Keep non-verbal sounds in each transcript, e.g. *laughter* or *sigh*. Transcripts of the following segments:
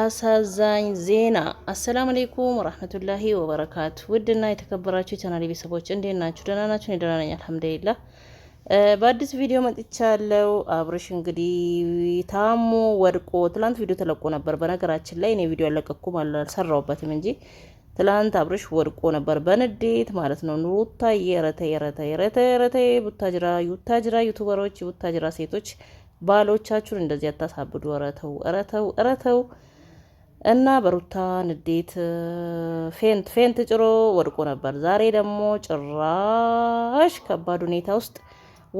አሳዛኝ ዜና። አሰላሙ አሌይኩም ወራህመቱላሂ ወበረካቱ። ውድና የተከበራችሁ የቻናል ቤተሰቦች እንዴት ናችሁ? ደህና ናችሁ? ደህና ነኝ አልሐምዱሊላህ። በአዲስ ቪዲዮ መጥቻለሁ። አብርሽ እንግዲህ ታሞ ወድቆ ትላንት ቪዲዮ ተለቆ ነበር። በነገራችን ላይ እኔ ቪዲዮ አለቀኩም አልሰራሁበትም እንጂ ትላንት አብርሽ ወድቆ ነበር በንዴት ማለት ነው። ኑሩታ የረተ የረተ የረተ የረተ ቡታጅራ ዩታጅራ ዩቱበሮች ቡታጅራ ሴቶች ባሎቻችሁን እንደዚህ ያታሳብዱ። እረተው እረተው እረተው እና በሩታ ንዴት ፌንት ፌንት ጭሮ ወድቆ ነበር። ዛሬ ደግሞ ጭራሽ ከባድ ሁኔታ ውስጥ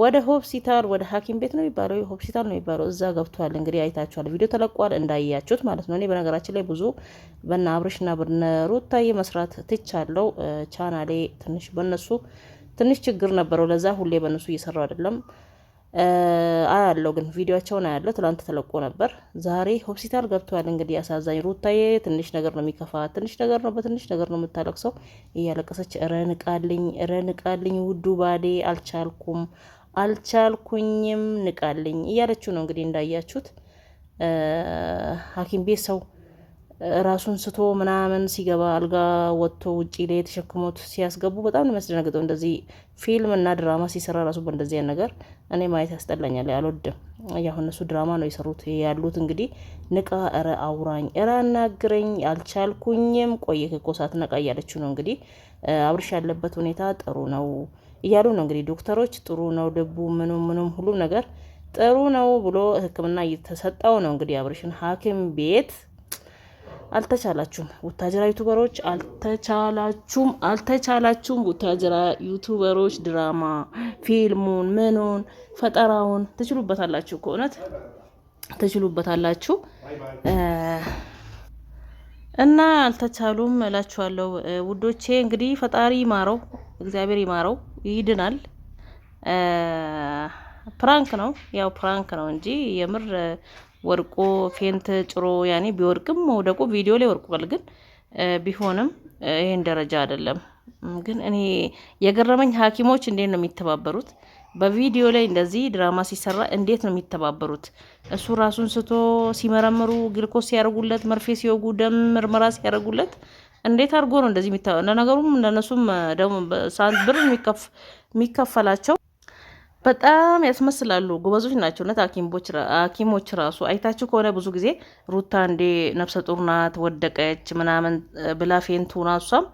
ወደ ሆስፒታል ወደ ሐኪም ቤት ነው የሚባለው ሆስፒታል ነው የሚባለው እዛ ገብቷል። እንግዲህ አይታችኋል፣ ቪዲዮ ተለቋል እንዳያችሁት ማለት ነው። እኔ በነገራችን ላይ ብዙ በነ አብርሽና በነ ሩታዬ መስራት ትቻለው። ቻናሌ ትንሽ በነሱ ትንሽ ችግር ነበረው። ለዛ ሁሌ በነሱ እየሰራው አይደለም አያለው ግን ቪዲዮቸውን አያለው። ትላንት ተለቆ ነበር። ዛሬ ሆስፒታል ገብተዋል። እንግዲህ አሳዛኝ ሩታዬ ትንሽ ነገር ነው የሚከፋ ትንሽ ነገር ነው በትንሽ ነገር ነው የምታለቅሰው። እያለቀሰች ረንቃልኝ፣ ረንቃልኝ፣ ውዱ ባሌ አልቻልኩም፣ አልቻልኩኝም፣ ንቃልኝ እያለችው ነው እንግዲህ እንዳያችሁት ሐኪም ቤት ሰው ራሱን ስቶ ምናምን ሲገባ አልጋ ወጥቶ ውጪ ላይ የተሸክሞት ሲያስገቡ በጣም ነው የሚያስደነግጠው። እንደዚህ ፊልም እና ድራማ ሲሰራ ራሱ በእንደዚህ ነገር እኔ ማየት ያስጠላኛል፣ አልወድም። ያሁን እነሱ ድራማ ነው የሰሩት ያሉት እንግዲህ ንቃ፣ እረ አውራኝ፣ እረ አናግረኝ፣ አልቻልኩኝም፣ ቆየህ እኮ ሳትነቃ እያለችው ነው እንግዲህ። አብርሽ ያለበት ሁኔታ ጥሩ ነው እያሉ ነው እንግዲህ ዶክተሮች። ጥሩ ነው ልቡ፣ ምኑም ምኑም፣ ሁሉም ነገር ጥሩ ነው ብሎ ሕክምና እየተሰጠው ነው እንግዲህ አብርሽን ሐኪም ቤት አልተቻላችሁም ቡታጀራ ዩቱበሮች አልተቻላችሁም አልተቻላችሁም። ቡታጀራ ዩቱበሮች ድራማ ፊልሙን፣ ምኑን፣ ፈጠራውን ትችሉበታላችሁ። ከእውነት ትችሉበታላችሁ እና አልተቻሉም እላችኋለሁ ውዶቼ። እንግዲህ ፈጣሪ ይማረው፣ እግዚአብሔር ይማረው፣ ይድናል። ፕራንክ ነው ያው ፕራንክ ነው እንጂ የምር ወርቆ ፌንት ጭሮ ያኔ ቢወርቅም መውደቁ ቪዲዮ ላይ ወድቋል። ግን ቢሆንም ይህን ደረጃ አይደለም። ግን እኔ የገረመኝ ሐኪሞች እንዴት ነው የሚተባበሩት? በቪዲዮ ላይ እንደዚህ ድራማ ሲሰራ እንዴት ነው የሚተባበሩት? እሱ ራሱን ስቶ ሲመረምሩ፣ ግልኮስ ሲያደርጉለት፣ መርፌ ሲወጉ፣ ደም ምርመራ ሲያደርጉለት እንዴት አድርጎ ነው እንደዚህ? ለነገሩም ለነሱም ብር የሚከፈላቸው በጣም ያስመስላሉ። ጎበዞች ናቸው። እውነት ሐኪሞች ራሱ አይታችሁ ከሆነ ብዙ ጊዜ ሩታ እንዴ ነፍሰ ጡር ናት ወደቀች ምናምን ብላ ፌንቱ ና እሷም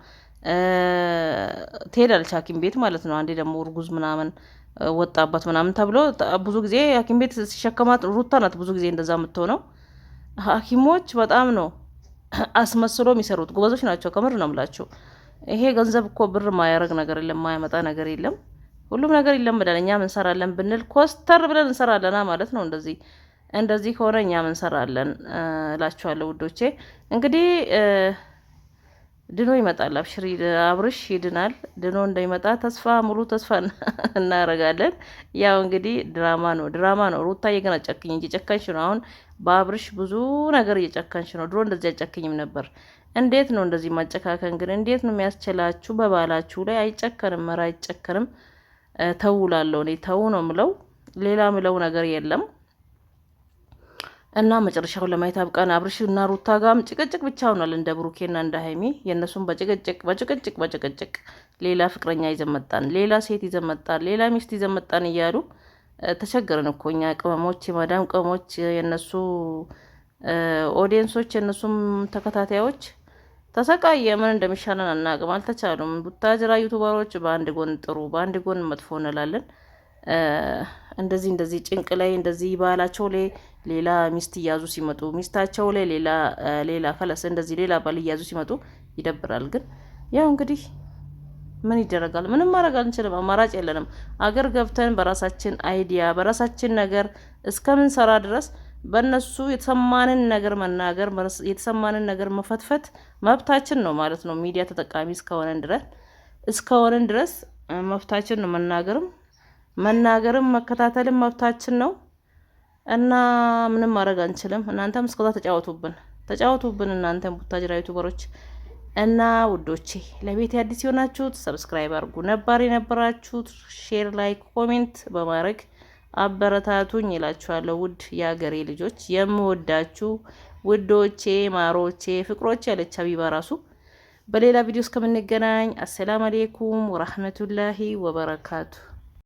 ትሄዳለች ሐኪም ቤት ማለት ነው። አንዴ ደግሞ እርጉዝ ምናምን ወጣባት ምናምን ተብሎ ብዙ ጊዜ ሐኪም ቤት ሲሸከማት ሩታ ናት ብዙ ጊዜ እንደዛ የምትሆነው። ሐኪሞች በጣም ነው አስመስሎ የሚሰሩት። ጎበዞች ናቸው። ከምር ነው ምላቸው ይሄ ገንዘብ እኮ ብር ማያረግ ነገር የለም፣ ማያመጣ ነገር የለም። ሁሉም ነገር ይለመዳል። እኛም እንሰራለን ብንል ኮስተር ብለን እንሰራለና ማለት ነው። እንደዚህ እንደዚህ ከሆነ እኛም እንሰራለን እላችኋለሁ ውዶቼ። እንግዲህ ድኖ ይመጣል። አብሽሪ አብርሽ ይድናል። ድኖ እንደሚመጣ ተስፋ ሙሉ ተስፋ *laughs* እናደርጋለን። ያው እንግዲህ ድራማ ነው ድራማ ነው። ሩታዬ ግን አጨክኝ እንጂ ጨከንሽ ነው። አሁን በአብርሽ ብዙ ነገር እየጨከንሽ ነው። ድሮ እንደዚህ አጨክኝም ነበር። እንዴት ነው እንደዚህ ማጨካከን ግን እንዴት ነው የሚያስችላችሁ? በባላችሁ ላይ አይጨከንም፣ ኧረ አይጨከንም። ተውላለሁ እኔ ተው ነው ምለው፣ ሌላ ምለው ነገር የለም። እና መጨረሻው ለማየት አብቃን። አብርሽ እና ሩታ ጋም ጭቅጭቅ ብቻ ሆኗል፣ እንደ ብሩኬና እንደ ሀይሚ የእነሱም በጭቅጭቅ በጭቅጭቅ በጭቅጭቅ ሌላ ፍቅረኛ ይዘመጣን፣ ሌላ ሴት ይዘመጣን፣ ሌላ ሚስት ይዘመጣን እያሉ ተቸገርን እኮ እኛ ቅመሞች፣ የማዳም ቅመሞች፣ የእነሱ ኦዲየንሶች፣ የእነሱም ተከታታዮች ተሰቃየ። ምን እንደሚሻለን አናቅም። አልተቻሉም። ቡታጅራ ዩቱበሮች በአንድ ጎን ጥሩ፣ በአንድ ጎን መጥፎ እንላለን። እንደዚህ እንደዚህ ጭንቅ ላይ እንደዚህ ባላቸው ላይ ሌላ ሚስት እያዙ ሲመጡ ሚስታቸው ላይ ሌላ ሌላ ፈለስ እንደዚህ ሌላ ባል እያዙ ሲመጡ ይደብራል። ግን ያው እንግዲህ ምን ይደረጋል? ምንም ማድረግ አንችልም። አማራጭ የለንም። አገር ገብተን በራሳችን አይዲያ በራሳችን ነገር እስከምንሰራ ድረስ በእነሱ የተሰማንን ነገር መናገር የተሰማንን ነገር መፈትፈት መብታችን ነው ማለት ነው። ሚዲያ ተጠቃሚ እስከሆነን ድረስ እስከሆነን ድረስ መብታችን ነው። መናገርም መናገርም መከታተልም መብታችን ነው እና ምንም ማድረግ አንችልም። እናንተም እስከዛ ተጫወቱብን ተጫወቱብን እናንተም ቡታጅራ ዩቱበሮች እና ውዶቼ ለቤት አዲስ የሆናችሁት ሰብስክራይብ አርጉ፣ ነባር የነበራችሁት ሼር፣ ላይክ፣ ኮሜንት በማድረግ አበረታቱኝ ይላችኋለሁ። ውድ የሀገሬ ልጆች የምወዳችሁ ውዶቼ፣ ማሮቼ፣ ፍቅሮቼ ያለች አቢባ ራሱ በሌላ ቪዲዮ እስከምንገናኝ አሰላም አሌይኩም ወረህመቱላሂ ወበረካቱ።